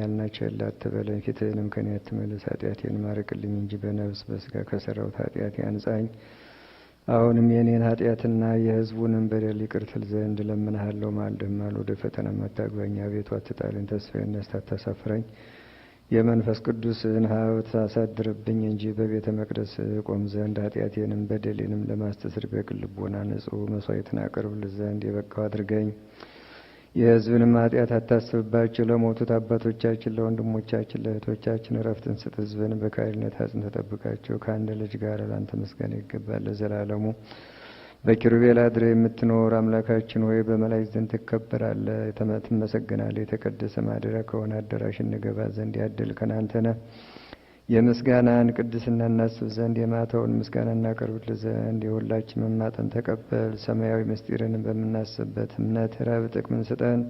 ያልናቸው የለ አትበለኝ፣ ፊትህንም ከኔ አትመልስ፣ ኃጢአቴን ማርቅልኝ እንጂ በነፍስ በስጋ ከሰራሁት ኃጢአት ያንጻኝ። አሁንም የእኔን ኃጢአትና የህዝቡንም በደል ይቅርትል ዘንድ እለምንሃለሁ። ማልደማል፣ ወደ ፈተና አታግባኝ፣ አቤቱ አትጣልኝ፣ ተስፋ ነስታ አታሳፍረኝ። የመንፈስ ቅዱስን ሀብት አሳድርብኝ እንጂ በቤተ መቅደስ ቆም ዘንድ ኃጢአቴንም በደሌንም ለማስተስር በቅልቦና ንጹህ ንጹሕ መስዋዕትን አቅርብል ዘንድ የበቃው አድርገኝ። የህዝብን ኃጢአት አታስብባቸው። ለሞቱት አባቶቻችን፣ ለወንድሞቻችን፣ ለእህቶቻችን እረፍትን ስጥ። ህዝብን በቃልነት አጽን ተጠብቃቸው። ከአንድ ልጅ ጋር ላንተ ምስጋና ይገባል ለዘላለሙ። በኪሩቤል አድረ የምትኖር አምላካችን ወይ በመላእክት ዘንድ ትከበራለ፣ ትመሰግናለ። የተቀደሰ ማደሪያ ከሆነ አዳራሽ እንገባ ዘንድ ያደልከን አንተ የምስጋናን ቅድስና እናስብ ዘንድ የማተውን ምስጋና እናቀርብልህ ዘንድ የሁላችን መማጠን ተቀበል። ሰማያዊ ምስጢርን በምናስብበት እምነት ረብ ጥቅምን ስጠን።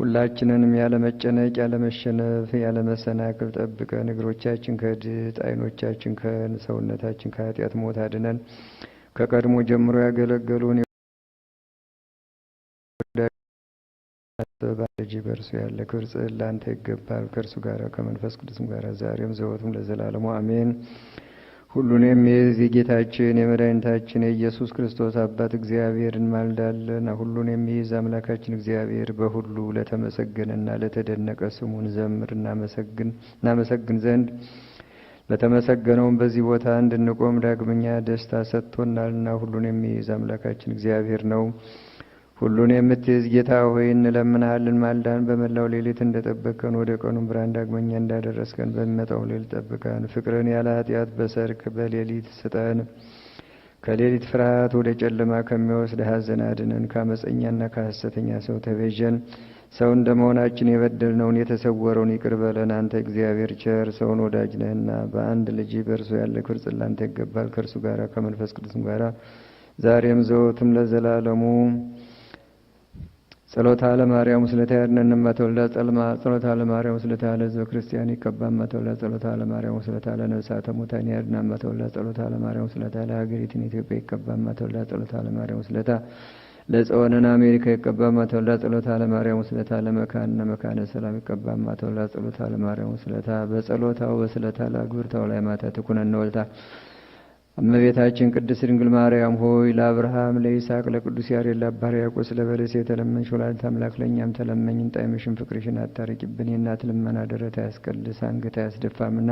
ሁላችንንም ያለመጨነቅ ያለመሸነፍ ያለመሰናክል ጠብቀን። እግሮቻችን ከድጥ አይኖቻችን ከን ሰውነታችን ከኃጢአት ሞት አድነን። ከቀድሞ ጀምሮ ያገለገሉን በአንድ በእርሱ ያለ ክብር ስዕል ላንተ ይገባል፣ ከእርሱ ጋር ከመንፈስ ቅዱስም ጋር ዛሬም ዘወትም ለዘላለሙ አሜን። ሁሉን የሚይዝ የጌታችን የመድኃኒታችን የኢየሱስ ክርስቶስ አባት እግዚአብሔር እንማልዳለን። ሁሉን የሚይዝ አምላካችን እግዚአብሔር በሁሉ ለተመሰገነና ለተደነቀ ስሙ እንዘምር እናመሰግን ዘንድ ለተመሰገነውም በዚህ ቦታ እንድንቆም ዳግመኛ ደስታ ሰጥቶናልና ሁሉን የሚይዝ አምላካችን እግዚአብሔር ነው። ሁሉን የምትይዝ ጌታ ሆይ እንለምናሃልን። ማልዳን በመላው ሌሊት እንደጠበቀን ወደ ቀኑ ብራን ዳግመኛ እንዳደረስከን በሚመጣው ሌሊት ጠብቀን። ፍቅርን ያለ ኃጢአት በሰርክ በሌሊት ስጠን። ከሌሊት ፍርሃት ወደ ጨለማ ከሚወስድ ሐዘን አድነን። ከአመፀኛና ከሐሰተኛ ሰው ተቤዠን። ሰው እንደ መሆናችን የበደልነውን የተሰወረውን ይቅር በለን። አንተ እግዚአብሔር ቸር ሰውን ወዳጅ ነህና በአንድ ልጅ በእርሱ ያለ ክብር ለአንተ ይገባል። ከእርሱ ጋራ ከመንፈስ ቅዱስም ጋራ ዛሬም ዘወትም ለዘላለሙ ጸሎታ ለማርያም ስለታ ያድነንማ ተወልዳ ጸልማ ጸሎታ ለማርያም ስለታ ለህዝበ ክርስቲያን ይቀባማ መተወልዳ ጸሎታ ለማርያም ስለታ ለነፍሳተ ተሙታን ያድናማ መተወልዳ ጸሎታ ለማርያም ስለታ ለሀገሪትን ኢትዮጵያ ይቀባማ መተወልዳ ጸሎታ ለማርያም ስለታ ለጸወነን አሜሪካ ይቀባማ መተወልዳ ጸሎታ ለማርያም ስለታ ለመካንና መካነ ሰላም ይቀባማ መተወልዳ ጸሎታ ለማርያም ስለታ በጸሎታው በስለታ ላጉርታው ላይ ማታ ትኩነን ነወልታ እመቤታችን ቅድስት ድንግል ማርያም ሆይ ለአብርሃም፣ ለይስሐቅ፣ ለቅዱስ ያሬድ፣ ለአባር ያቆስ፣ ለበለሴ የተለመንሽ ወላዲተ አምላክ ለእኛም ተለመኝን። ጣዕምሽን ፍቅርሽን አታርቂብን። የእናት ልመና ደረት አያስቀልስ አንገት አያስደፋምና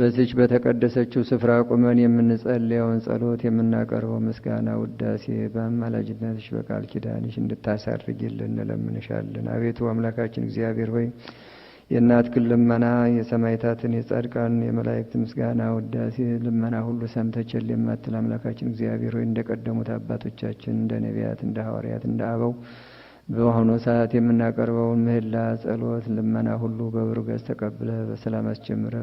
በዚች በተቀደሰችው ስፍራ ቁመን የምንጸልየውን ጸሎት የምናቀርበው ምስጋና ውዳሴ በአማላጅነትሽ በቃል ኪዳንሽ እንድታሳርጊልን እንለምንሻለን። አቤቱ አምላካችን እግዚአብሔር ሆይ የእናትክን ልመና የሰማይታትን የጻድቃን የመላእክት ምስጋና ውዳሴ ልመና ሁሉ ሰምተቸል የማትል አምላካችን እግዚአብሔር ሆይ እንደ ቀደሙት አባቶቻችን እንደ ነቢያት፣ እንደ ሐዋርያት፣ እንደ አበው በአሁኑ ሰዓት የምናቀርበውን ምህላ፣ ጸሎት፣ ልመና ሁሉ በብሩህ ገጽ ተቀብለህ በሰላም አስጀምረህ